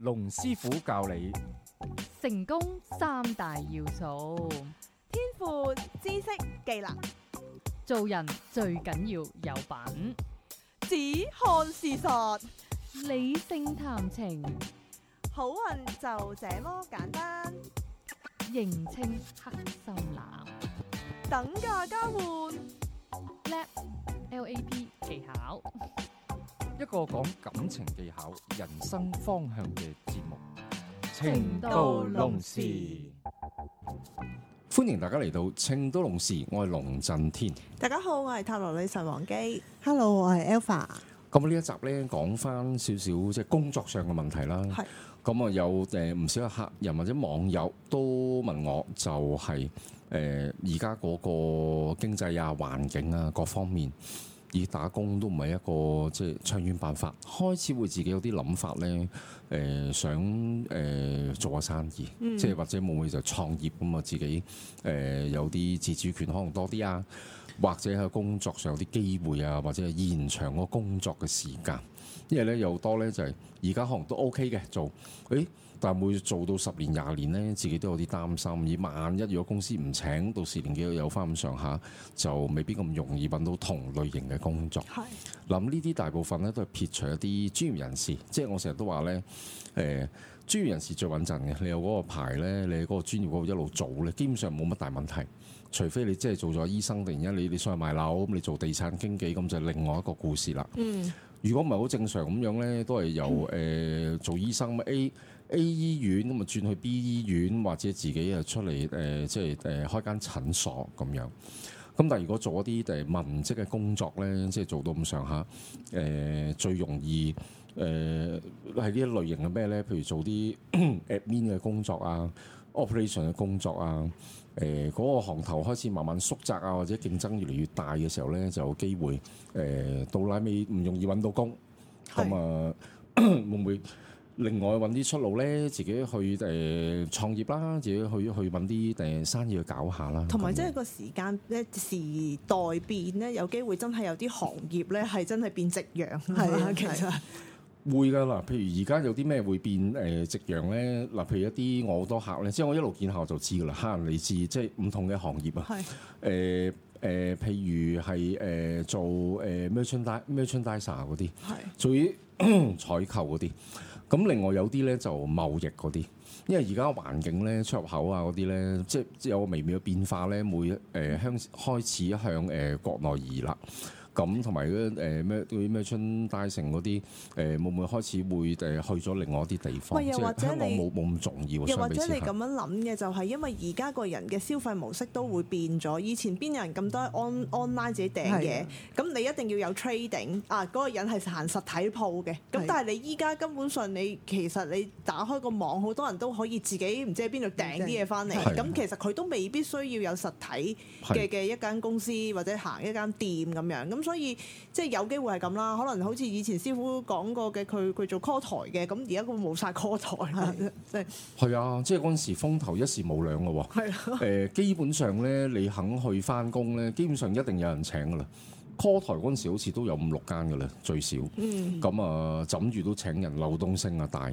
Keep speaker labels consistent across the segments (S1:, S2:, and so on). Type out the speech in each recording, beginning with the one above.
S1: 龍師傅教你
S2: 成功三大要素：天賦、知識、技能。做人最緊要有品，只看事實，理性談情，好運就這麼簡單。認清黑心男，等價交換，叻，LAP 技巧。
S1: 一個講感情技巧、人生方向嘅節目《情到濃時》龍，歡迎大家嚟到《情到濃時》，我係龍震天。
S2: 大家好，我係塔羅女神王姬。Hello，我係 Alpha。
S1: 咁呢一集咧，講翻少少即係工作上嘅問題啦。係咁啊，有誒唔少嘅客人或者網友都問我，就是，就係誒而家嗰個經濟啊、環境啊各方面。以打工都唔係一個即係長遠辦法，開始會自己有啲諗法呢誒、呃、想誒、呃、做下生意，嗯、即係或者會唔會就創業咁啊？自己誒、呃、有啲自主權可能多啲啊！或者喺工作上有啲機會啊，或者係延長嗰個工作嘅時間，因為咧有多咧就係而家可能都 OK 嘅做，誒、欸，但係冇做到十年廿年咧，自己都有啲擔心。而萬一如果公司唔請，到時年紀有翻咁上下，就未必咁容易揾到同類型嘅工作。係的，諗呢啲大部分咧都係撇除一啲專業人士，即、就、係、是、我成日都話咧，誒、呃，專業人士最穩陣嘅。你有嗰個牌咧，你喺嗰個專業嗰度一路做咧，基本上冇乜大問題。除非你即係做咗醫生，突然間你你想去賣樓，咁你做地產經紀，咁就另外一個故事啦。嗯，如果唔係好正常咁樣咧，都係由誒做醫生，咁 A A 醫院咁啊轉去 B 醫院，或者自己又出嚟誒、呃，即係誒開間診所咁樣。咁但係如果做一啲誒文職嘅工作咧，即係做到咁上下，誒、呃、最容易誒係呢一類型嘅咩咧？譬如做啲 admin 嘅工作啊，operation 嘅工作啊。誒嗰、呃那個行頭開始慢慢縮窄啊，或者競爭越嚟越大嘅時候咧，就有機會誒、呃、到拉尾唔容易揾到工，咁是啊咳咳會唔會另外揾啲出路咧？自己去誒、呃、創業啦，自己去去揾啲誒生意去搞下啦。同埋即係
S2: 個時間咧、嗯、時代變咧，有機會真係有啲行業咧係真係變夕陽，係啊，其實。
S1: 會㗎嗱，譬如而家有啲咩會變誒夕陽咧？嗱，譬如一啲我好多客咧，即係我一路見客就知㗎啦吓，你知，即係唔同嘅行業啊。係誒誒，譬如係誒、呃、做誒 merchandiser merchandiser 嗰啲，係是做啲 採購嗰啲。咁另外有啲咧就貿易嗰啲，因為而家環境咧出入口啊嗰啲咧，即係即係有個微妙嘅變化咧，每誒向、呃、開始向誒國內移啦。咁同埋嗰啲咩嗰啲咩春大城嗰啲誒會唔會開始會誒去咗另外一啲地方？即係香港冇冇咁重要。又或者你咁你
S2: 樣諗嘅就係因為而家個人嘅消費模式都會變咗。以前邊有人咁多 on online 自己訂嘢？咁的你一定要有 trading 啊！嗰、那個人係行實體鋪嘅。咁但係你依家根本上你其實你打開個網，好多人都可以自己唔知喺邊度訂啲嘢翻嚟。咁 Yeah. 的其實佢都未必需要有實體嘅嘅一間公司或者行一間店咁樣。咁所以即係有機會係咁啦，可能好似以前師傅講過嘅，佢佢做 call 台嘅，咁而家佢冇晒 call 台啦，即係
S1: 係啊，即係嗰陣時風頭一時冇兩嘅喎，係啊，誒基本上咧你肯去返工咧，基本上一定有人請㗎啦 ，call 台嗰陣時好似都有五六間㗎啦，最少，嗯、啊，咁啊枕住都請人流動性啊大，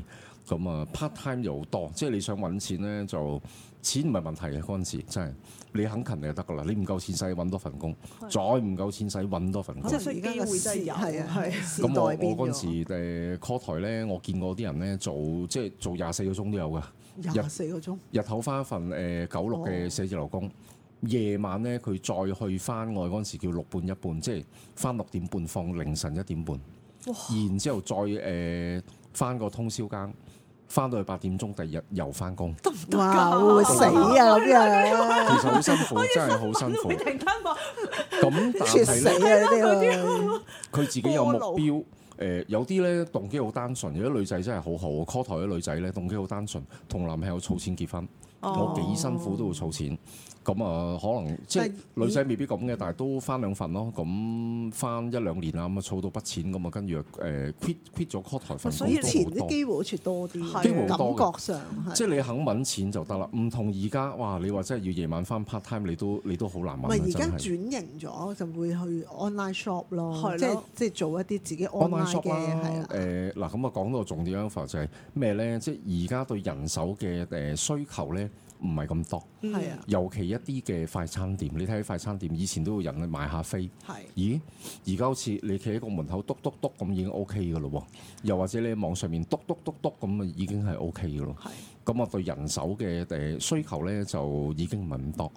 S1: 咁啊 part time 又多，即係你想揾錢咧就。錢唔係問題嘅。嗰陣時真係，你肯勤力就得噶啦。你唔夠錢使揾多份工，的再唔夠錢使揾多份工。啊、即係而家嘅機會真係有，係啊係。
S3: 咁我的我嗰陣裏
S1: 時誒 call、呃、台咧，我見過啲人咧做即係做廿四個鐘都有噶。廿四個鐘日頭翻一份誒九六嘅寫字樓工，夜、哦、晚咧佢再去翻外，嗰陣時叫六半一半，即係翻六點半放凌晨一點半，哇然之後再誒翻個通宵更。翻到去八點鐘，第二日又翻工，
S3: 得唔得？哇！會死啊咁樣，久啊、其實好辛
S1: 苦，真係好辛苦。停頓我咁，黐線但啊！佢、啊這個、自己有目標，誒路、呃、有啲咧動機好單純，有啲女仔真係好好，call 台啲女仔咧動機好單純，同男朋友儲錢結婚。我幾辛苦都會儲錢，咁啊可能即係女仔未必咁嘅，咦但係都翻兩份咯。咁翻一兩年啦，咁啊儲到筆錢咁啊，跟住誒 quit quit 咗 cut 台份，咁所以以前啲機
S3: 會好似多啲，感覺上即
S1: 係你肯揾錢就得啦。唔同而家哇！你話真係要夜晚翻 part time，你都你都好難揾。而家轉
S3: 型咗，就會去 online shop 咯，即係即係做一啲自己 online shop 嘅係
S1: 啦。誒嗱的，咁啊、uh, 呃、講到重點一方面就係咩咧？即係而家對人手嘅誒需求咧。唔係咁多，嗯、尤其一啲嘅快餐店，你睇快餐店以前都有人去買下飛，是咦？而家好似你企喺個門口篤篤篤咁已經 OK 嘅咯喎，又或者你喺網上面篤篤篤篤咁啊已經係 OK 嘅咯，咁啊是對人手嘅誒需求咧就已經唔係咁多。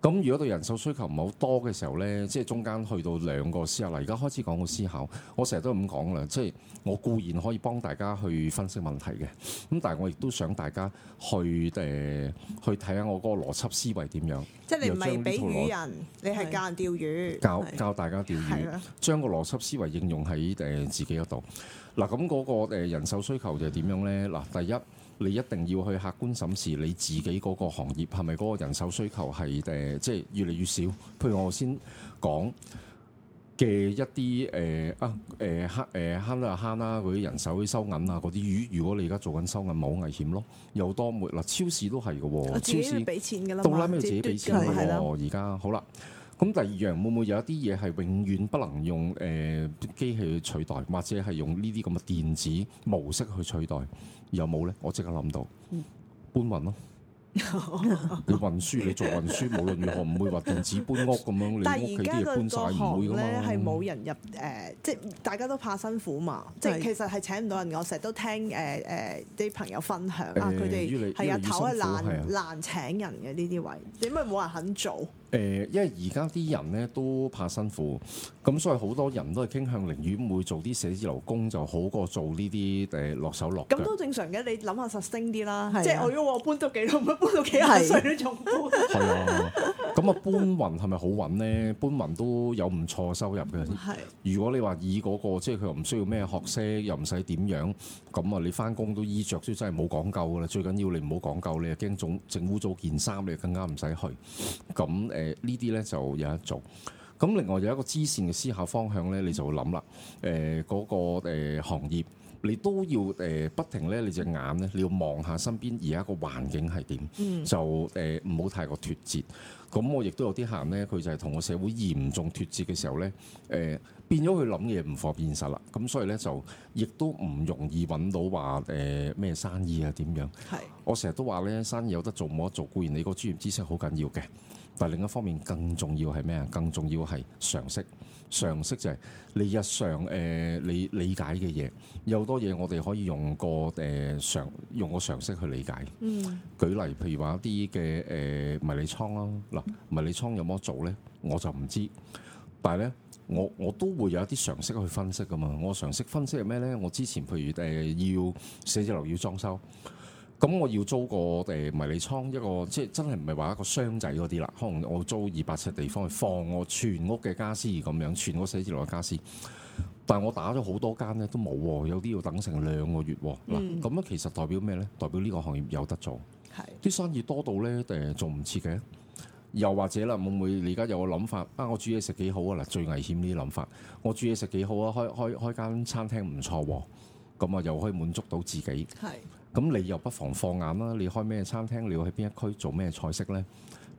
S1: 咁如果對人手需求唔係好多嘅時候呢，即係中間去到兩個思考啦。而家開始講個思考，我成日都咁講啦，即係我固然可以幫大家去分析問題嘅，咁但係我亦都想大家去誒、呃、去睇下我嗰個邏輯思維點樣。即係你唔係俾魚人，
S2: 你係教人釣魚。是教教
S1: 大家釣魚，將的個邏輯思維應用喺誒自己嗰度。嗱，咁嗰個人手需求就點樣呢？嗱，第一。你一定要去客觀審視你自己，嗰個行業係咪嗰個人手需求係誒、呃，即係越嚟越少。譬如我先講嘅一啲誒、呃、啊誒慳誒慳啊慳啦嗰啲人手收銀啊嗰啲，如如果你而家做緊收銀，好危險咯，有多沒啦。超市都係嘅喎，超市俾
S2: 錢嘅啦，到啦尾要自己俾錢嘅喎。而
S1: 家的好啦，咁第二樣會唔會有一啲嘢係永遠不能用誒、呃、機器去取代，或者係用呢啲咁嘅電子模式去取代？有冇咧？我即刻諗到搬運咯。 你運輸，你做運輸，無論如何唔會話電子搬屋咁樣，你屋企啲嘢搬曬唔會噶嘛，但而家個行咧係
S2: 冇人入誒、呃，即係大家都怕辛苦嘛。是即係其實係請唔到人，我成日都聽誒誒啲朋友分享啊，佢哋係啊，頭係難難請人嘅呢啲位，點解冇人肯做？
S1: 誒，因為而家啲人咧都怕辛苦，咁所以好多人都係傾向寧願會做啲寫字樓工就好過做呢啲誒落手落腳。咁都
S2: 正常嘅，你諗下實升啲啦，啊、即係我要我搬到幾多，搬到幾廿歲都仲
S1: 搬。係啊，咁啊、 嗯、搬運係咪好揾呢？搬運都有唔錯收入嘅。如果你話以嗰、嗰個即係佢又唔需要咩學識，又唔使點樣，咁啊你翻工都衣著都真係冇講究噶啦。最緊要你唔好講究，你又驚總整污糟件衫，你更加唔使去。咁、嗯嗯誒，呢啲咧就有得做。咁另外有一個支線嘅思考方向咧，你就會諗啦。誒、呃，嗰、那個、呃、行業，你都要誒、呃、不停咧，你隻眼咧，你要望下身邊而家個環境係點，嗯、就誒唔好太過脱節。咁我亦都有啲客人咧，佢就係同個社會嚴重脱節嘅時候咧，誒、呃、變咗佢諗嘢唔符合現實啦。咁所以咧就亦都唔容易揾到話誒咩生意啊點樣？係是我成日都話咧，生意有得做冇得做，固然你個專業知識好緊要嘅。但另一方面更，更重要係咩啊？更重要係常識，常識就係你日常誒、呃、你理解嘅嘢，有好多嘢我哋可以用個誒、呃、常用個常識去理解。嗯，舉例譬如話一啲嘅誒迷你倉啦，嗱迷你倉有冇做咧？我就唔知，但係咧我我都會有一啲常識去分析㗎嘛。我常識分析係咩咧？我之前譬如誒、呃、要寫字樓要裝修。咁我要租個誒迷你倉一個，即係真係唔係話一個箱仔嗰啲啦。可能我租二百尺地方去放我全屋嘅家私咁樣，全屋寫字樓嘅家私。但係我打咗好多間咧都冇，有啲要等成兩個月嗱。咁、嗯啊、樣其實代表咩咧？代表呢個行業有得做，係啲是生意多到咧誒做唔切嘅。又或者啦，會唔會你而家有個諗法啊？我煮嘢食幾好啊！嗱，最危險呢啲諗法。我煮嘢食幾好啊？開開開間餐廳唔錯，咁啊又可以滿足到自己。係。咁你又不妨放眼啦，你開咩餐廳，你要喺邊一區做咩菜式呢？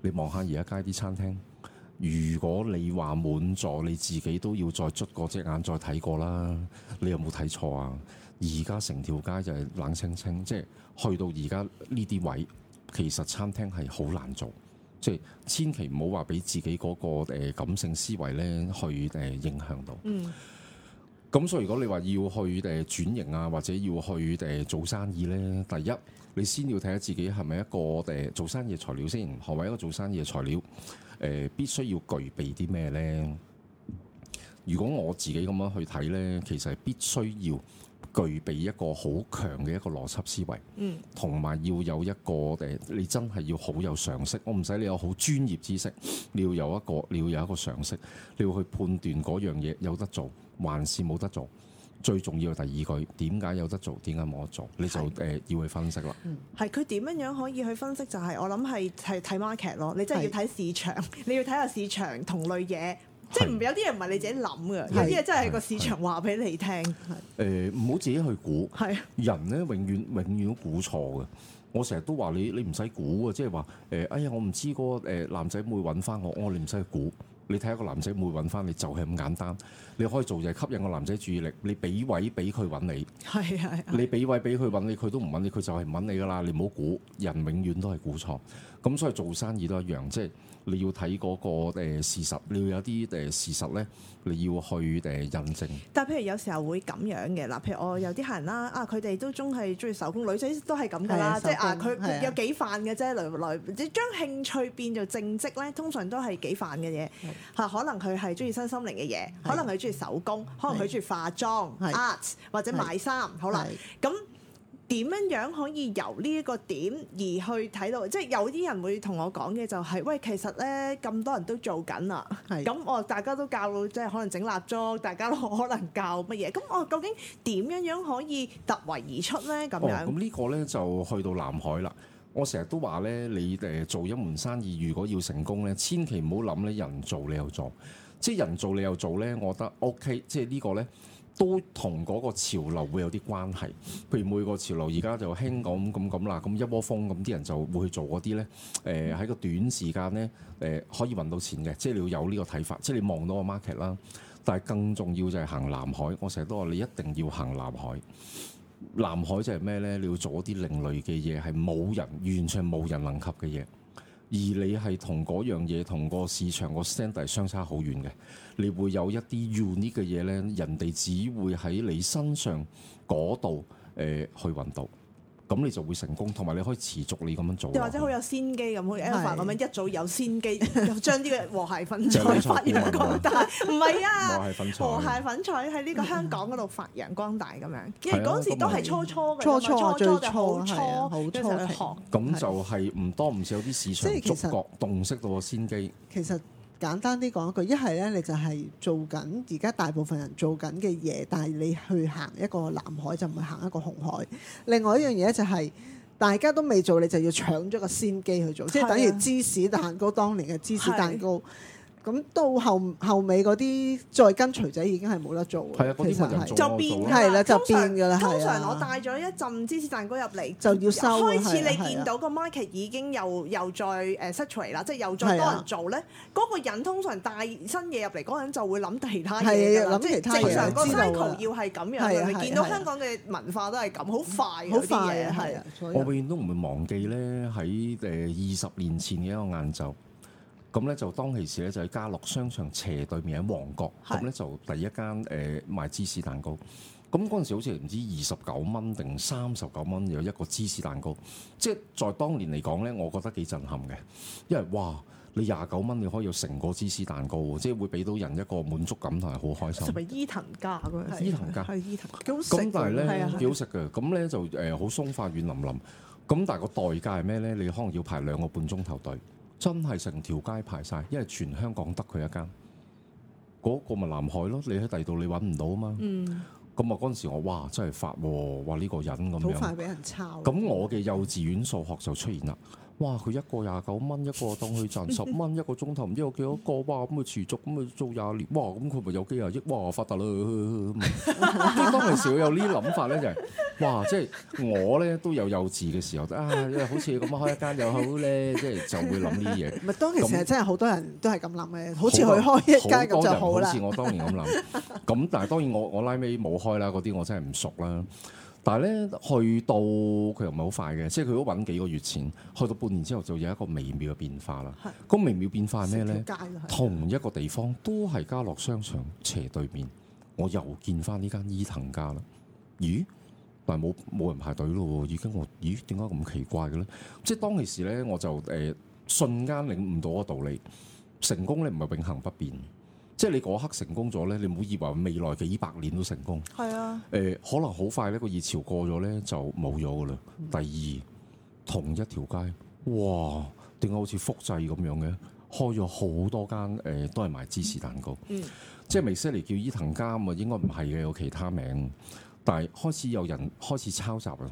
S1: 你望下而家街啲餐廳，如果你話滿座，你自己都要再捽個隻眼再睇過啦。你有冇睇錯啊？而家成條街就係冷清清。即係去到而家呢啲位，其實餐廳係好難做，即係千祈唔好話俾自己嗰個誒感性思維咧去誒影響到。嗯咁所以如果你話要去誒轉型啊，或者要去誒做生意呢，第一，你先要睇下自己係咪一個誒做生意嘅材料先。何為一個做生意嘅材料？誒、呃、必須要具備啲咩呢？如果我自己咁樣去睇呢，其實係必須要，具備一個好強嘅一個邏輯思維，同埋要有一個誒，你真係要好有常識。我唔使你有好專業知識，你要有一個，你要有一個常識，你要去判斷嗰樣嘢有得做還是冇得做。最重要第二句，點解有得做，點解冇得做，你就誒是、呃、要去分析啦。
S2: 係，佢點樣樣可以去分析，就係？就係我諗係係睇 market 咯，你真係要睇市場，是你要睇下市場同類嘢。即係唔有啲嘢唔係你自己諗嘅，是有啲嘢真係個市場話俾是你聽。
S1: 誒唔好自己去估，是人咧永遠永遠都估錯嘅。我成日都話你，你唔使估啊，即係話誒，哎呀，我唔知個誒男仔會唔會揾翻我，我你唔使估，你睇下個男仔會唔會揾翻你就係、是、咁簡單。你可以做就係吸引個男仔注意力，你俾位俾佢揾你，
S3: 係係是。
S1: 你俾位俾佢揾你，佢都唔揾你，佢就係唔揾你噶啦。你唔好估，人永遠都係估錯。咁所以做生意都一樣，即係。你要睇嗰個事實，你要有啲誒事實咧，你要去誒印證。
S2: 但譬如有時候會咁樣嘅，嗱，譬如我有啲客人啦，啊，佢哋都中係中意手工，女仔，都係咁噶啦，即係啊，佢有幾泛嘅啫，來來對，即係將興趣變做正職咧，通常都係幾泛嘅嘢。嚇對，可能佢係中意身心靈嘅嘢，對可能佢中意手工，可能佢中意化妝、對 arts 或者買衫，對好啦，咁對。對點樣樣可以由呢一個點而去睇到？即係有啲人會同我講嘅就係、是：喂，其實呢咁多人都做緊啦，咁的我大家都教，即係可能整蠟燭，大家可能教乜嘢。咁我究竟點樣樣可以突圍而出呢？咁樣，哦，咁呢
S1: 個呢就去到南海啦。我成日都話呢，你誒做一門生意，如果要成功呢，千祈唔好諗呢人做你又做，即係人做你又做呢。我覺得 O、okay, K，即係呢個呢。都同嗰個潮流會有啲關係，譬如每個潮流而家就興咁咁咁啦，咁一窩蜂咁啲人就會去做嗰啲呢。誒、呃、喺個短時間呢，誒、呃、可以揾到錢嘅，即係你要有呢個睇法，即係你望到個 market 啦。但係更重要就係行南海，我成日都話你一定要行南海。南海就係咩呢？你要做一啲另類嘅嘢，係冇人完全冇人能及嘅嘢。而你係同樣嘢同個市場個 standard 相差好遠嘅，你會有一啲 unique 嘅嘢咧，人哋只會喺你身上度誒、呃、去揾到。咁你就會成功，同埋你可以持續你咁樣做，又或者
S2: 好有先機咁，好 Alpha 咁樣的一早有先機，又將呢個和諧粉彩發揚光大，唔係 啊，和諧彩
S1: 粉彩，和諧
S2: 粉彩喺呢個香港嗰度發揚光大咁樣，其實嗰陣時都係初初嘅，嗯、 初初，初就好初，好
S1: 初學。咁就係唔多唔少有啲市場觸覺洞悉到個先機。
S3: 其實。其實簡單啲講一句，一係咧，你就係做緊而家大部分人做緊嘅嘢，但係你去行一個藍海，就唔會行一個紅海。另外一樣嘢就係、是、大家都未做，你就要搶咗個先機去做，的即係等於芝士蛋糕，當年嘅芝士蛋糕。 咁到後後尾嗰啲再跟隨仔已經係冇得做嘅，其實係就變係啦，就變嘅啦。通常我
S2: 帶咗一陣芝士蛋糕入嚟，就要收。開始你見到個 market 已經又又再誒失去啦，即係又再多人做咧。嗰個人通常帶新嘢入嚟嗰陣就會諗其他嘢啦。即
S3: 係正常個 cycle 要係咁樣嘅。見到香
S2: 港嘅文化都係咁，好快好快。嘢係
S1: 啊！我永遠都唔會忘記咧，喺誒二十年前嘅一個晏晝。咁咧就當其時咧就喺家樂商場斜對面喺旺角，咁咧是就第一間誒賣芝士蛋糕。咁嗰陣時好似唔知二十九蚊定三十九蚊有一個芝士蛋糕，即係在當年嚟講咧，我覺得幾震撼嘅，因為哇，你廿九蚊你可以有成個芝士蛋糕喎，即係會俾到人一個滿足感同埋好開心。係咪
S2: 伊藤家嗰個？的伊藤家係伊藤，幾好食嘅，係啊，幾的好食
S1: 嘅。咁咧的就誒好鬆化軟腍腍、軟腍腍。咁但係個代價係咩咧？你可能要排兩個半鐘頭隊。真係成條街排晒，因為全香港得佢一間，嗰、那個咪南海咯。你喺第二度你揾唔到啊嘛。咁啊、嗯，嗰陣時我哇真係發喎，哇呢、這個人咁樣。好快
S3: 俾人抄。咁
S1: 我嘅幼稚園數學就出現啦。哇！佢一個廿九蚊一個，當佢賺十蚊一個鐘頭，唔知有幾多個哇？咁佢持續咁佢做廿年，哇！咁佢咪有幾廿億哇？發達啦！咁、啊、 當然時當其時有呢啲諗法咧、就是，就係、是、哇！即係我咧都有幼稚嘅時候，啊，好似咁開一間又好咧，即、就、係、是、就會諗啲嘢。唔係，當其時真
S3: 係好多人都係咁諗嘅，好似佢開一間就好似我
S1: 當年咁諗，咁 但係當然我我拉尾冇開啦，嗰啲我真係唔熟啦。但係咧，去到佢又唔係好快嘅，即係佢都揾幾個月前，去到半年之後就有一個微妙嘅變化啦。係的。個微妙變化係咩咧？就是、同一個地方都係家樂商場斜對面，我又見返呢間伊藤家啦。咦？但係冇冇人排隊咯喎！已經我咦？點解咁奇怪嘅咧？即係當其時咧，我就誒、呃、瞬間領悟到個道理：成功咧唔係永恆不變。即係你嗰刻成功咗咧，你唔好以為未來嘅幾百年都成功。係啊。誒、呃，可能好快呢個熱潮過咗咧就冇咗噶啦。第二，同一條街，哇，點解好似複製咁樣嘅？開咗好多間誒、呃，都係賣芝士蛋糕。嗯、即係米色嚟叫伊藤家，咁啊應該唔係嘅，有其他名。但係開始有人開始抄襲啦！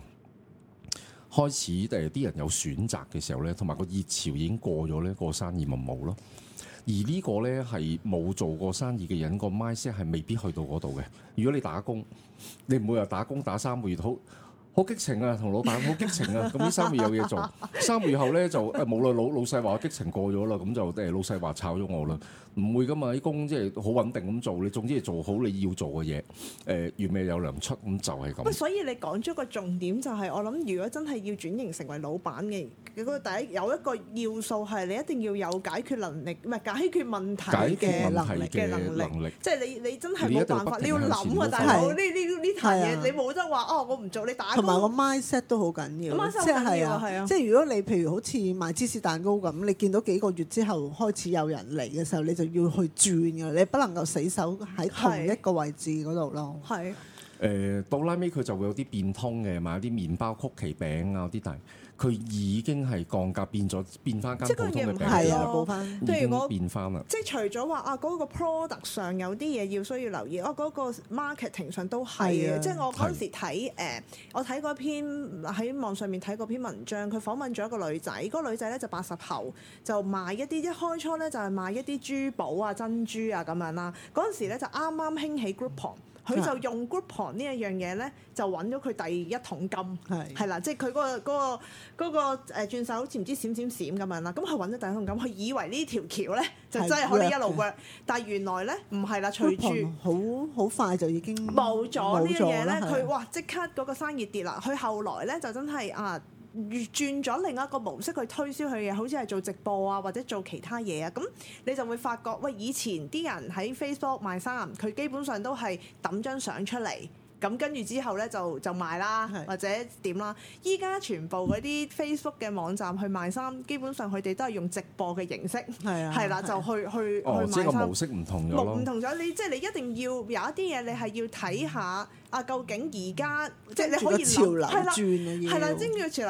S1: 開始誒啲、呃、人有選擇嘅時候咧，同埋個熱潮已經過咗咧，個生意咪冇咯。而呢個呢，係冇做過生意嘅人，個 mindset 係未必去到嗰度嘅。如果你打工，你唔會話打工打三個月，好好激情啊！同老闆好激情啊！咁呢 三個月有嘢做，三個月後呢，就誒，無、哎、論老老細話我激情過咗啦，咁就誒老細話炒咗我啦。唔會噶嘛，啲工即係好穩定咁做。你總之係做好你要做嘅嘢，誒，月尾有糧出咁就係、是、咁。所
S2: 以你講咗個重點就係、是，我諗如果真係要轉型成為老闆嘅，嗰第一有一個要素係你一定要有解決能力，唔係解決問題嘅能力嘅能，能力。即係你你真係冇辦法，你要，你要諗啊！大佬呢呢呢嘢，你冇得話哦，我唔做。你打同埋我
S3: mindset 都好緊要，要即係係啊，即係嗎如果你譬如好似賣芝士蛋糕咁，你見到幾個月之後開始有人嚟嘅時候，你。就要去轉㗎，你不能夠死守喺同一個位置嗰度咯。係裡，誒是、
S1: 呃、到拉尾佢就會有啲變通嘅，買啲麵包、曲奇餅啊啲大。佢已經係降價變咗，變翻間高嘅品牌咯。例如果變翻啦，即
S2: 係除咗話啊，嗰個 product 上有啲嘢要需要留意，哦、啊，嗰個 marketing 上都係嘅。是啊、即係我嗰陣時睇誒是、啊呃，我睇嗰篇喺網上面睇嗰篇文章，佢訪問咗一個女仔，嗰個女仔咧就八十後，就賣一啲一開初咧就係賣一啲珠寶啊、珍珠啊咁樣啦。嗰陣時咧就啱啱興起 groupon、嗯佢就用 Groupon 呢一樣嘢咧，就揾咗佢第一桶金，係啦的，即係佢嗰個嗰個嗰個誒轉手，好似唔知閃閃閃咁樣啦。咁佢揾咗第一桶金，佢以為呢條橋咧就真係可以一路 work，的但係原來咧唔係啦，隨住好好快就已經冇咗呢樣嘢咧，佢的哇即刻嗰個生意跌啦，佢後來咧就真係啊～轉咗另一個模式去推銷佢嘅，好似係做直播啊，或者做其他嘢啊，咁你就會發覺，喂，以前啲人喺 Facebook 賣衫，佢基本上都係抌張相出嚟，咁跟住之後咧就就賣啦，是的 或者點啦。依家全部嗰啲 Facebook 嘅網站去賣衫，基本上佢哋都係用直播嘅形式，係啦的，的就去去的去賣衫。哦，即係個模
S1: 式唔同唔
S2: 同咗，你即係你一定要有一啲嘢，你係要睇下。嗯。啊！究竟而家即係你可以諗係啦，即係潮流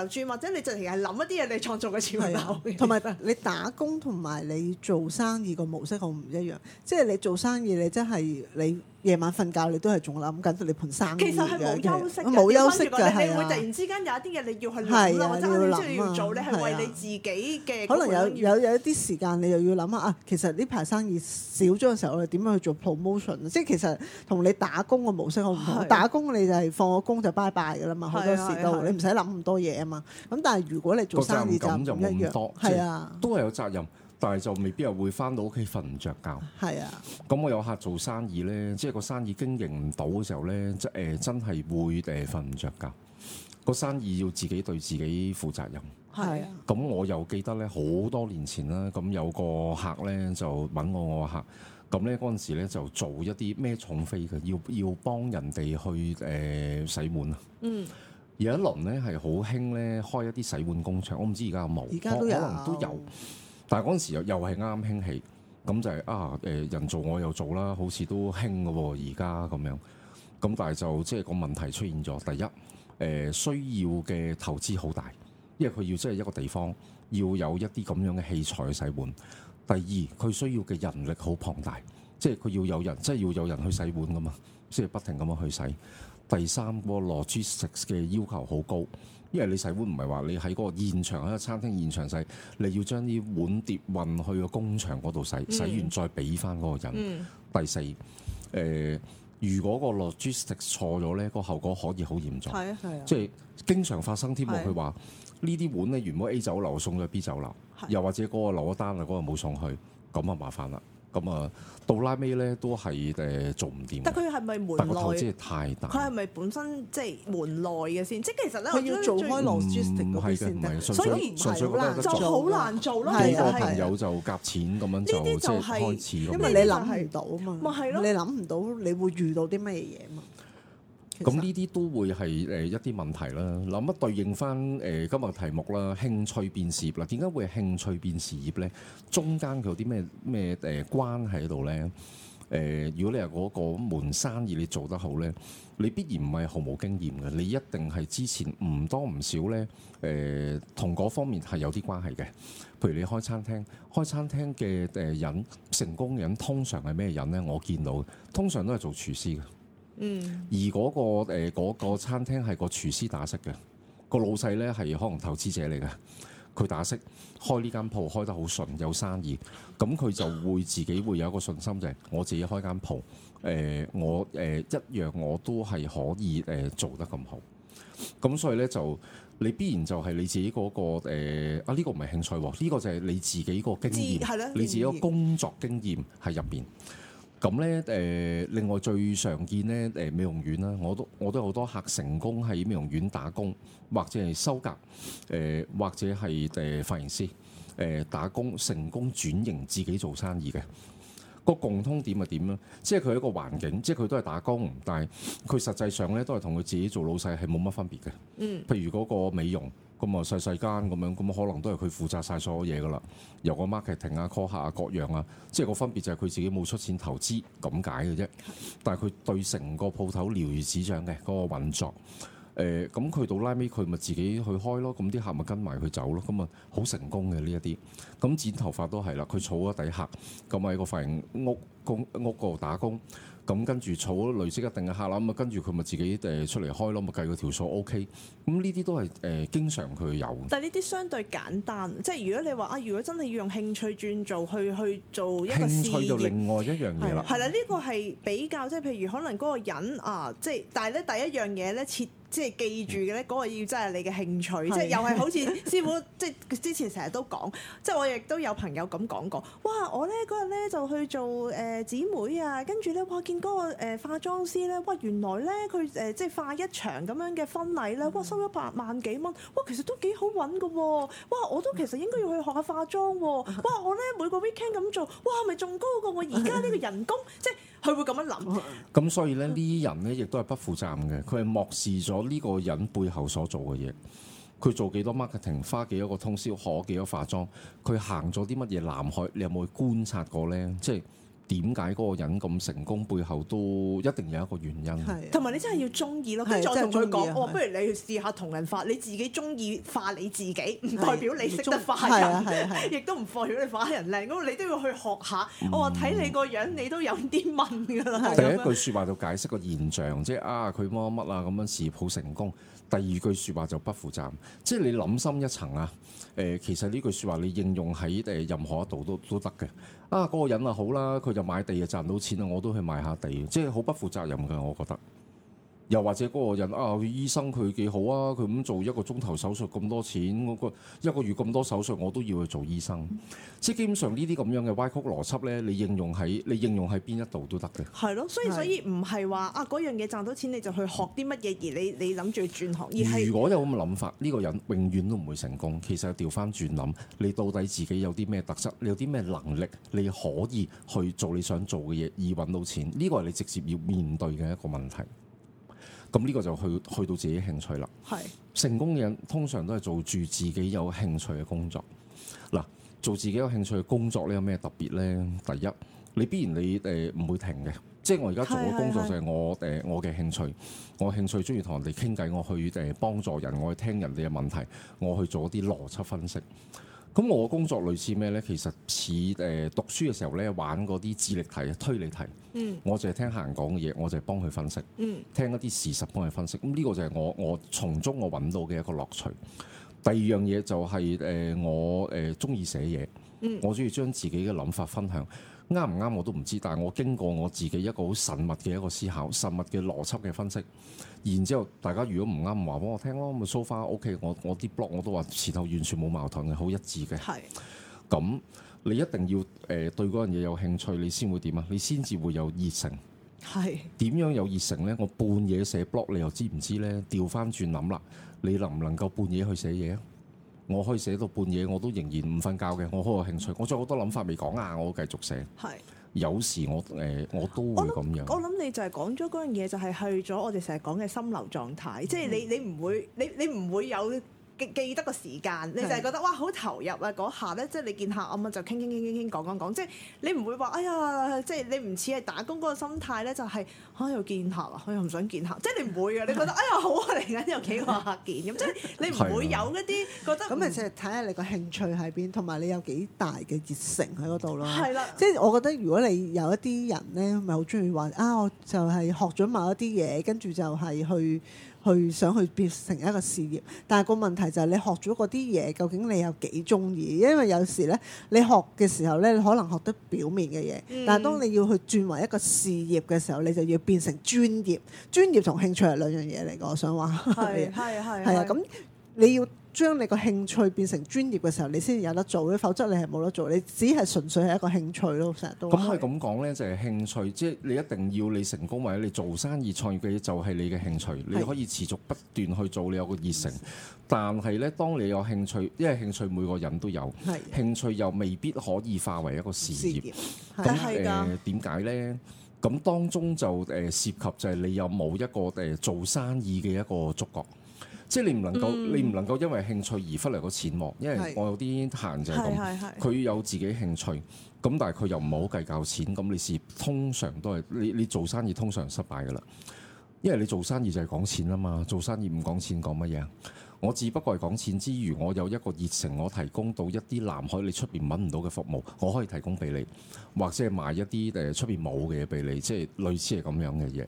S2: 轉，或者你就係係諗一啲嘢你創造嘅潮流。同埋你打
S3: 工同埋你做生意個模式好唔一樣，即係你做生意你真係你夜晚瞓覺你都係仲諗緊你盤生意嘅嘢。我冇休息㗎，你會突然
S2: 之間有一啲嘢你要去諗真係要做，你係為你自己嘅。可能有有
S3: 有一啲時間你又要諗下啊，其實呢排生意少咗嘅時候，我哋點樣去做 promotion？即係其實同你打工個模式好唔一打工你就係放咗工就拜拜嘅啦嘛，好多時都你唔使諗咁多嘢啊嘛。咁但係如果你做生意咁就冇咁多，係是啊，
S1: 都係有責任，但係就未必係會翻到屋企瞓唔着覺。係是啊，咁我有客做生意咧，即係個生意經營唔到嘅時候咧，即誒真係會誒瞓唔着覺。個生意要自己對自己負責任。係是啊，咁我又記得咧，好多年前啦，咁有個客咧就問我，我客。咁咧嗰陣時咧就做一啲咩重飛嘅，要要幫人哋去誒、呃、洗碗啊！嗯，有一輪咧係好興咧開一啲洗碗工場，我唔知而家有冇，有可能都有。但係嗰陣時又又係啱啱興起，咁就係、是、啊誒、呃、人做我又做啦，好似都興嘅喎，而家咁樣。咁但係就即係個問題出現咗，第一誒、呃、需要嘅投資好大，因為佢要即係一個地方要有一啲咁樣嘅器材去洗碗。第二，佢需要嘅人力好龐大，即係佢要有人，即係要有人去洗碗噶嘛，即係不停咁樣去洗。第三個 Logistics 嘅要求好高，因為你洗碗唔係話你喺嗰個現場喺個餐廳現場洗，你要將啲碗碟運去個工場嗰度洗，嗯、洗完再俾翻嗰個人。嗯、第四，誒、呃，如果個 Logistics 錯咗呢，個後果可以好嚴重，啊啊、即係經常發生添喎。佢話呢啲碗咧，原本 A 酒樓送咗 B 酒樓。又或者嗰個攞單啊，嗰、嗰個冇送去，咁啊麻煩啦。咁啊到拉尾咧都係誒、呃、做唔掂。
S2: 但佢係咪門內？個投資太大。佢係咪本身即係門內嘅先？即係其實咧。佢要做開盧斯
S1: 汀嗰唔係嘅，嗯、純粹係嘅。所以係好難
S2: 做咯，係啊粹。幾個
S1: 朋友就夾錢咁樣做，即係開始因為你諗
S3: 唔到啊嘛。咪係咯的，你諗唔到，到你會遇到啲乜嘢嘢嘛？
S1: 咁呢啲都會係誒一啲問題啦。諗一想對應翻誒今日題目啦，興趣變事業啦，點解會興趣變事業呢？中間有啲咩咩誒關係喺度呢？誒、呃，如果你係嗰個門生意你做得好呢，你必然唔係毫無經驗嘅，你一定係之前唔多唔少呢，誒、呃，同嗰方面係有啲關係嘅。譬如你開餐廳，開餐廳嘅誒人成功嘅人，通常係咩人呢？我見到通常都係做廚師嘅。嗯，而嗰、嗰個誒、呃嗰個、餐廳係個廚師打識嘅，個老細呢係可能投資者嚟嘅，佢打識開呢間鋪開得好順，有生意，咁佢就會自己會有一個信心就係我自己開間鋪，誒、呃、我誒、呃、一樣我都係可以誒、呃、做得咁好，咁所以呢，就你必然就係你自己嗰、嗰個、呃、啊呢、呢個唔係興趣喎，呢、哦呢個就係你自己個經驗，自你自己個工作經驗喺入邊。咁咧誒，另外最常見咧誒、呃、美容院啦，我都我都有好多客成功喺美容院打工，或者係修甲，誒、呃、或者係誒髮型師，誒、呃、打工成功轉型自己做生意嘅，個共通點係點咧？即係佢係一個環境，即係佢都係打工，但係佢實際上咧都係同佢自己做老細係冇乜分別嘅。嗯，譬如嗰個美容。咁啊！細細間咁樣，咁可能都係佢負責晒所有嘢噶啦。由個 marketing 啊、call 客啊、各樣啊，即係個分別就係佢自己冇出錢投資咁解嘅啫。但係佢對成個鋪頭了如指掌嘅嗰、那個運作。誒、呃，咁佢到拉尾，佢咪自己去開咯。咁啲客咪跟埋佢走咯。咁啊，好成功嘅呢一啲。咁剪頭髮都係啦，佢儲咗底客，咁喺個髮型屋公屋嗰度打工，咁跟住儲咗累積一定嘅客啦，咁啊跟住佢咪自己誒出嚟開咯，咪計個條數 OK。咁呢啲都係誒經常佢有。
S2: 但係呢啲相對簡單，即係如果你話啊，如果真係要用興趣轉做去去做一個事業，興趣，就另
S1: 外一樣嘢啦。係
S2: 啦的，呢、呢個係比較即係，譬如可能嗰個人啊，即係但係咧第一樣嘢咧設。即係記住嘅咧，嗰個要真係你嘅興趣， 即係又係好似師傅，即係之前成日都講，即係我亦都有朋友咁講過，哇！我咧嗰日咧就去做誒姊妹啊，跟住咧哇見嗰個化妝師咧，哇原來咧佢誒即係化一場咁樣嘅婚禮咧，哇收咗百萬幾蚊，哇其實都幾好揾㗎喎，哇我都其實應該要去學下化妝喎，哇我咧每個 weekend 咁做，哇係咪仲高過我而家呢個人工？即係。佢會咁樣
S1: 諗，咁 所以咧呢啲人咧亦都係不負責任嘅。佢係漠視咗呢個人背後所做嘅嘢。佢做幾多 marketing，花幾多個通宵，可咗幾多化妝，佢行咗啲乜嘢南海？你有冇去觀察過咧？即係。點解嗰個人咁成功，背後都一定有一個原因？係
S2: 同埋你真係要中意咯，佢再同佢講，我話不如你去試下同人化，啊、你自己中意化你自己，唔代表你識得化人，亦都唔代表你化人靚，咁你都要去學下。嗯、我話睇你個樣，你都有啲問㗎啦。第一句
S1: 説話就解釋個現象，即係啊，佢摸乜啊咁樣事業好成功。第二句説話就不負責任，即係你諗深一層啊，誒、呃，其實呢句説話你應用喺誒任何一度都都得嘅。啊，嗰、那個人啊好啦，佢就買地就賺到錢啦，我都去買下地，即係好不負責任㗎，我覺得。又或者嗰個人啊，醫生佢幾好啊？佢咁做一個鐘頭手術咁多錢，我一個月咁多手術，我都要去做醫生。嗯、即係基本上呢啲咁樣嘅歪曲邏輯呢，你應用喺，你應用喺邊一度都得嘅。係咯，
S2: 所以所以唔係話啊嗰樣嘢賺到錢你就去學啲乜嘢，而你你諗住轉行，而係
S1: 如果有咁嘅諗法，呢、呢個人永遠都唔會成功。其實調翻轉諗，你到底自己有啲咩特質，你有啲咩能力，你可以去做你想做嘅嘢而揾到錢，呢個係你直接要面對嘅一個問題。咁呢個就去去到自己興趣啦。係是成功嘅人通常都係做住自己有興趣嘅工作。嗱，做自己有興趣嘅工作咧，有咩特別呢？第一，你必然你誒唔會停嘅。即係我而家做嘅工作就係我誒我嘅興趣，我興趣中意同人哋傾偈，我去誒幫助人，我去聽人哋嘅問題，我去做啲邏輯分析。咁我工作類似咩呢？其實似誒、呃、讀書嘅時候呢，玩嗰啲智力題、推理題。嗯，我。我就係聽客人講嘅嘢，我就係幫佢分析。嗯。聽一啲事實幫佢分析。咁呢個就係我我從中我揾到嘅一個樂趣。第二樣嘢就係、是、誒、呃、我誒中意寫嘢。嗯。我中意將自己嘅諗法分享。啱唔啱我都唔知，但係我經過我自己一個好慎密嘅一個思考、慎密嘅邏輯嘅分析，然之後大家如果唔啱，話俾我聽咯。咁 so far，OK，我我啲 blog 我都話前後完全冇矛盾嘅，好一致嘅。係是。咁你一定要誒、呃、對嗰樣嘢有興趣，你先會點啊？你先至會有熱誠。係是。點樣有熱誠咧？我半夜寫 blog，你又知唔知咧？調翻轉諗啦，你能唔能夠半夜去寫嘢？我可以寫到半夜，我都仍然唔瞓覺嘅。我好有興趣，我仲有好多諗法未講啊！我繼續寫。係是，有時我誒、呃、我都會咁樣。我
S2: 諗你就係講咗嗰樣嘢，就係去咗我哋成日講嘅心流狀態，即係、嗯、你你唔會你你唔會有記得個時間，你就係覺得哇好投入啊！嗰下咧，即係你見客，咁啊就傾傾傾傾傾講講講，即係你唔會話哎呀，即係你唔似係打工嗰個心態咧，就係哎呀又見客啊，我又唔想見客，即係你唔會嘅，你覺得哎呀好啊，嚟緊有幾個客見咁，即係你唔會有一啲覺得，咁咪就係睇下你個興趣喺邊，同埋你有幾大嘅
S3: 熱誠喺
S2: 嗰度咯。係啦的，即係我
S3: 覺得如果你有一啲人咧，咪好中意話啊，我就係學咗某一啲嘢，跟住就係去。去想去變成一個事業，但係個問題就係你學咗嗰啲嘢，究竟你有幾鍾意？因為有時呢，你學嘅時候呢，你可能學得表面嘅嘢，嗯、但係當你要去轉為一個事業嘅時候，你就要變成專業。專業同興趣係兩樣嘢嚟嘅，我想話係係係係啊，咁你要、嗯。將你個興趣變成專業嘅時候，你先有得做，否則你係冇得做。你只係純粹係一個興趣咯，成日都咁
S1: 可以咁講呢，就係興趣，即係你一定要你成功或者你做生意創業嘅嘢，就係你嘅興趣，的你可以持續不斷去做，你有個熱誠。的但係呢，當你有興趣，因為興趣每個人都有，的興趣又未必可以化為一個事業。咁誒點解呢？咁當中就誒涉及就係你有冇一個誒做生意嘅一個觸覺。即係你唔能夠，嗯、你唔能夠因為興趣而忽略個錢望，因為我有啲閑就係咁。佢有自己興趣，咁但係佢又唔好計較錢。咁你事業通常都係你你做生意通常失敗噶啦，因為你做生意就係講錢啊嘛。做生意唔講錢講乜嘢？我只不過係講錢之餘，我有一個熱誠，我提供到一啲南海你出邊揾唔到嘅服務，我可以提供俾你，或者係賣一啲出邊冇嘅嘢俾你，即係類似係咁樣嘅嘢。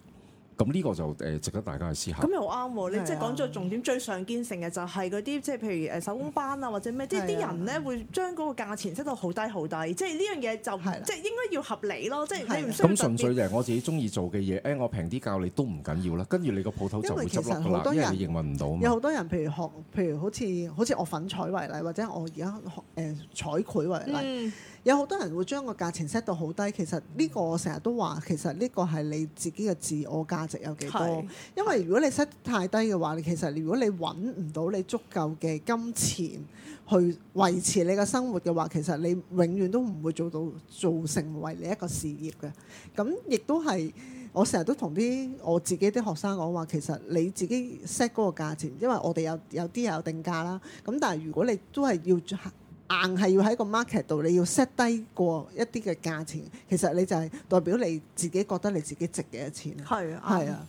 S1: 咁呢個就誒值得大家去思考。咁
S2: 又啱喎，啊、你即係講咗重點，啊、最常見成嘅就係嗰啲即係譬如誒手工班啊，或者咩，啊、即係啲人咧會將嗰個價錢 set 到好低好低，啊、即係呢樣嘢就即係應該要合理咯，啊、即係咁、啊、純粹
S1: 就係我自己中意做嘅嘢，誒我平啲教你都唔緊要啦，跟住你個鋪頭就會執落去，因為，多人因為你營運唔到，有好
S2: 多人，譬如
S3: 學，譬如好似好似我粉彩為例，或者我而家學彩繪為例。嗯有好多人會將個價錢 set 到好低，其實呢個我成日都話，其實呢個係你自己嘅自我價值有幾多？是因為如果你 set 太低嘅話，其實如果你揾唔到你足夠嘅金錢去維持你嘅生活嘅話，其實你永遠都唔會做到做成為你一個事業嘅。咁亦都係我成日都同啲我自己啲學生講話，其實你自己 set 嗰個價錢，因為我哋有有啲有定價啦。咁但係如果你都係要。硬係要喺個 market 度，你要 set 低過一啲嘅價錢，其實你就係代表你自己覺得你自己值幾多錢啦。係啊，係啊。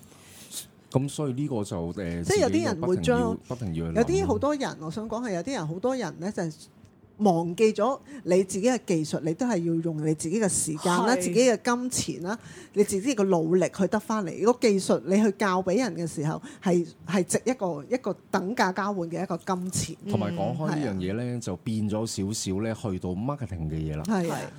S1: 咁所以呢個就誒，即係有啲人會將有啲好
S3: 多人，我想講係有啲人，好多人呢、就係，就。忘記咗你自己嘅技術，你都係要用你自己嘅時間啦、是自己嘅金錢啦、你自己嘅努力去得翻嚟。如果技術你去教俾人嘅時候，係係值一個一個等價交換嘅一個金錢，同埋講開呢樣
S1: 嘢咧，啊、就變咗少少咧，去到 marketing 嘅嘢啦。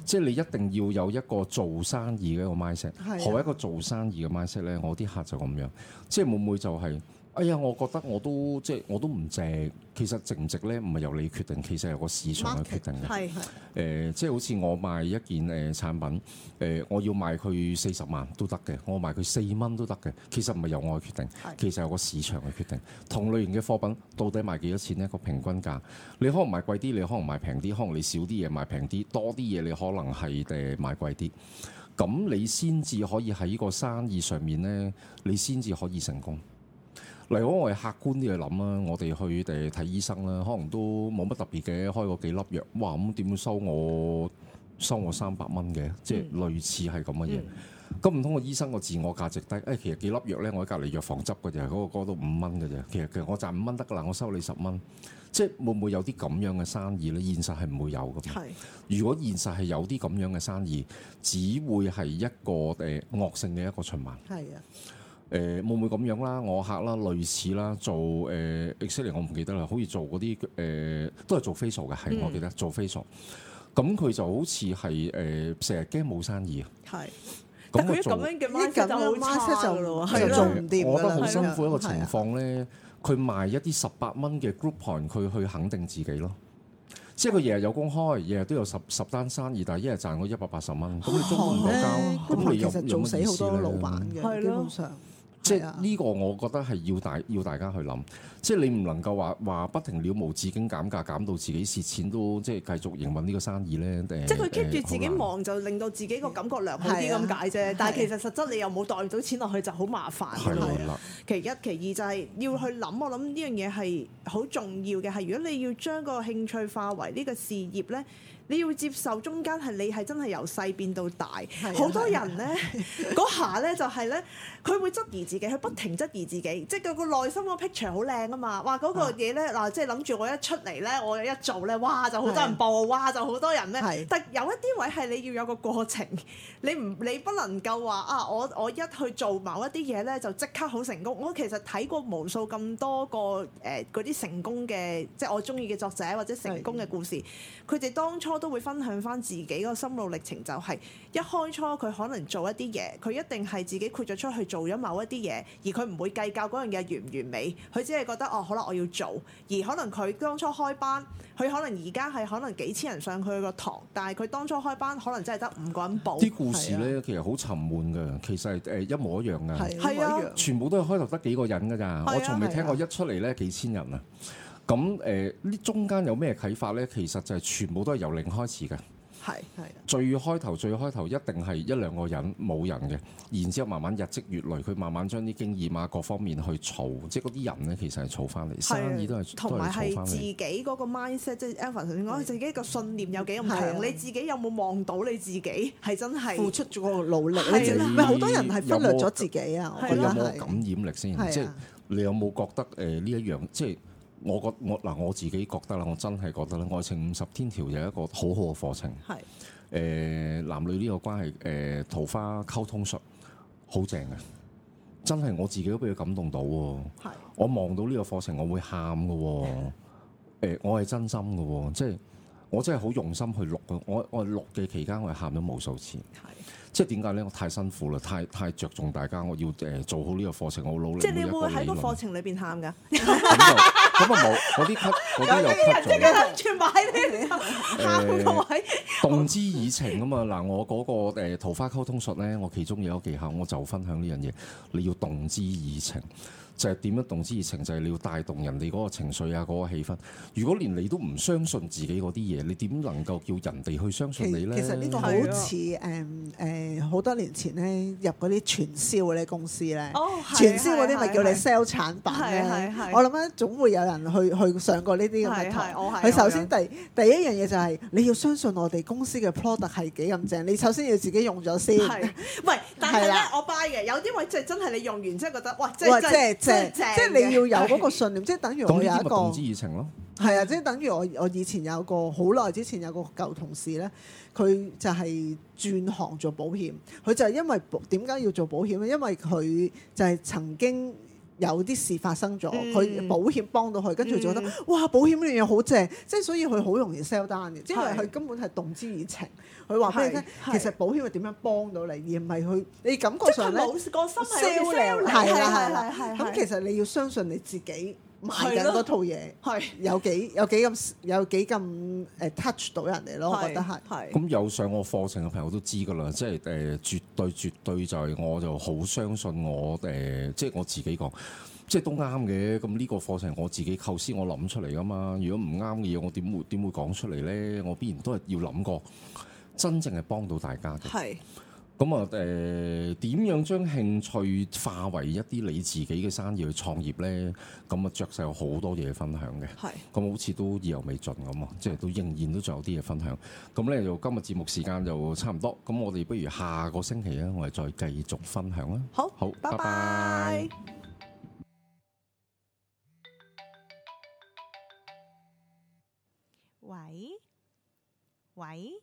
S1: 即係、啊、你一定要有一個做生意嘅一個 mindset。係、啊，何為一個做生意嘅 mindset 咧？我啲客就咁樣，即、就、係、是、會唔會就係、是。哎呀，我覺得我都即係我都唔值。其實值唔值呢？唔係由你決定，其實有個市場去決定嘅，呃。即係好似我賣一件誒產品，呃、我要賣佢四十萬都得嘅，我賣佢四蚊都得嘅。其實唔係由我決定，的其實有個市場去決定。同類型嘅貨品到底賣幾多錢呢？一個平均價你可能賣貴啲，你可能賣平啲，可能你少啲嘢賣平啲，多啲嘢你可能係誒賣貴啲。咁你先至可以喺個生意上面呢，你先至可以成功。例如，我係客觀啲去諗啦，我哋去誒睇醫生啦，可能都冇乜特別嘅，開過幾粒藥，哇咁點收我收我三百蚊嘅，即係、嗯、類似係咁嘅嘢。咁唔通個醫生個自我價值低？誒、哎，其實幾粒藥咧，我喺隔離藥房執嘅啫，嗰、嗰個都五蚊嘅啫。其實其實我賺五蚊得㗎啦，我收你十蚊，即係會唔會有啲咁樣嘅生意咧？現實係唔會有㗎嘛。是如果現實係有啲咁樣嘅生意，只會係一個誒、呃、惡性嘅一個循環。係啊。誒會唔會咁樣啦？我客啦，類似啦，做誒 Excel 我唔記得啦，好似做嗰啲誒都係做 facial 嘅，係我記得做 facial。咁佢就好似係誒成日驚冇生意啊。係，特別
S2: 咁樣嘅，咁樣就差嘅咯。係做唔掂啦。我覺得好辛苦一個情
S1: 況咧，佢賣一啲十八蚊嘅 Groupon，佢去肯定自己咯。即係佢日日有工開，日日都有十十單生意，但係一日賺嗰一百八十蚊，咁你都唔敢交，咁你其實做死好多老闆嘅，基本上。即係呢個，我覺得係要大要大家去諗。即係你唔能夠話話不停了無止境減價減到自己蝕錢都即係繼續營運呢個生意咧。呃、即係佢 keep 住自己
S2: 忙，就令到自己個感覺良好啲咁解啫。嗯、但係其實實質你又冇袋到錢落去，就好麻煩㗎啦。係啦、係啦。其一其二就係要去諗，我諗呢樣嘢係好重要嘅。係如果你要將個興趣化為呢個事業咧，你要接受中間係你係真係由細變到大。好多人咧、啊、嗰下咧就係咧，佢會質疑自己，佢不停質疑自己，即係佢個內心個 picture 好靚。啊嘛，話嗰、那個嘢咧嗱，即係諗住我一出嚟咧，我一做咧，哇就好多人報，的哇就好多人咧。的但有一啲位係你要有個過程，你唔你不能夠話啊！我我一去做某一啲嘢咧，就即刻好成功。我其實睇過無數咁多個誒嗰啲成功嘅，即係我中意嘅作者或者成功嘅故事。佢哋當初都會分享翻自己嗰個心路歷程，就係、是、一開初佢可能做一啲嘢，佢一定係自己豁咗出去做咗某一啲嘢，而佢唔會計較嗰樣嘢完唔完美，佢只係覺得哦，可能我要做。而可能佢當初開班，佢可能而家係可能幾千人上去個堂，但係佢當初開班可能真係得五個人報。啲故事呢，
S1: 其實好沉悶噶，其實係一模一樣噶，係啊，啊啊全部都係開頭得幾個人噶咋，啊、我從未聽過一出嚟呢幾千人啊！咁誒，呢中間有咩啟發咧？其實就係全部都係由零開始嘅。係
S3: 係。
S1: 最開頭，最開頭一定係一兩個人，冇人嘅。然之後慢慢日積月累，佢慢慢將啲經驗啊各方面去儲，即係嗰啲人咧，其實係儲翻嚟生意都係同埋係自
S2: 己嗰個 mindset，即係 Alvin 頭先講，自己個信念有幾咁強？你自己有冇望到你自己係真係付出咗個努力咧？係啦，咪好多人係忽略咗自己啊！佢有冇感
S1: 染力先？即係你有冇覺得誒呢一樣即係？我覺我嗱我自己覺得啦，我真係覺得咧《愛情五十天條》有一個好好嘅課程。係是。誒、呃，男女呢個關係，誒、呃、桃花溝通術，好正呀。真係我自己都俾佢感動到喎。是我望到呢個課程我是、呃，我會喊㗎。誒，我係真心㗎，即係我真係好用心去錄嘅。我我錄嘅期間，我係喊咗無數次。係。即係點解咧？我太辛苦啦，太太着重大家，我要誒做好呢個課程，我好努力每一個。即係你會喺個課
S2: 程裏邊喊㗎？咁
S1: 咁啊冇，我啲級我都有級。咁嘅人完
S2: 全擺啲喊嘅位、欸。
S1: 動之以情啊嘛！嗱，我嗰個桃花溝通術咧，我其中有一技巧，我就分享呢樣嘢，你要動之以情。就係點樣動之以情，就係你要帶動人哋嗰個情緒啊，嗰個氣氛。如果連你都唔相信自己嗰啲嘢，你點能夠叫人哋去相信你咧？其實呢個好似
S3: 誒誒，好多年前咧入嗰啲傳銷嗰啲公司咧，傳銷嗰啲咪叫你 sell 產品，我諗咧，總會有人去去上過呢啲咁嘅台。佢首先第第一樣嘢就係你要相信我哋公司嘅 product 係幾咁正，你首先要自己用咗先。
S2: 喂，但係咧我 buy 嘅，有啲位就真係你用完即係覺得，哇！即係。
S1: 即
S3: 係你要有嗰個信念，即係等於我有一個。動之以情咯。係啊，即係等於我我以前有個好耐之前有個舊同事呢，佢就係轉行做保險，佢就係因為保點解要做保險呢？因為佢就係曾經。有啲事發生咗，佢保險幫到佢，跟住就覺得哇，保險呢樣嘢好正，即係所以佢好容易 sell 單嘅，即係佢根本係動之以情，佢話畀你聽，其實保險係點樣幫到你，而唔係佢你感覺上咧
S2: 個心係 sell 係係係咁其
S3: 實你要相信你自己。賣緊嗰套嘢係，有幾有幾咁有幾咁誒 touch 到人哋咯？係我覺得係。係。咁
S1: 有上我課程嘅朋友都知㗎啦，即係誒、呃，絕對絕對就係我就好相信我誒，即係，呃，我自己講，即係都啱嘅。咁呢個課程我自己構思，我諗出嚟㗎嘛。如果唔啱嘅嘢，我點會點會講出嚟咧？我必然都係要諗過，真正係幫到大家嘅。係。咁啊，誒點、呃、樣將興趣化為一啲你自己嘅生意去創業咧？咁啊，着實有好多嘢分享嘅。係是。咁好似都意猶未盡咁啊，即係都仍然都仲有啲嘢分享。咁咧就今日節目時間就差唔多，咁我哋不如下個星期啊，我哋再繼續分享啦。好。好。拜拜 bye。Bye bye。
S2: 喂？喂？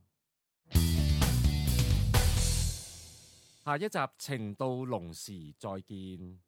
S1: 下一集情到濃時再見。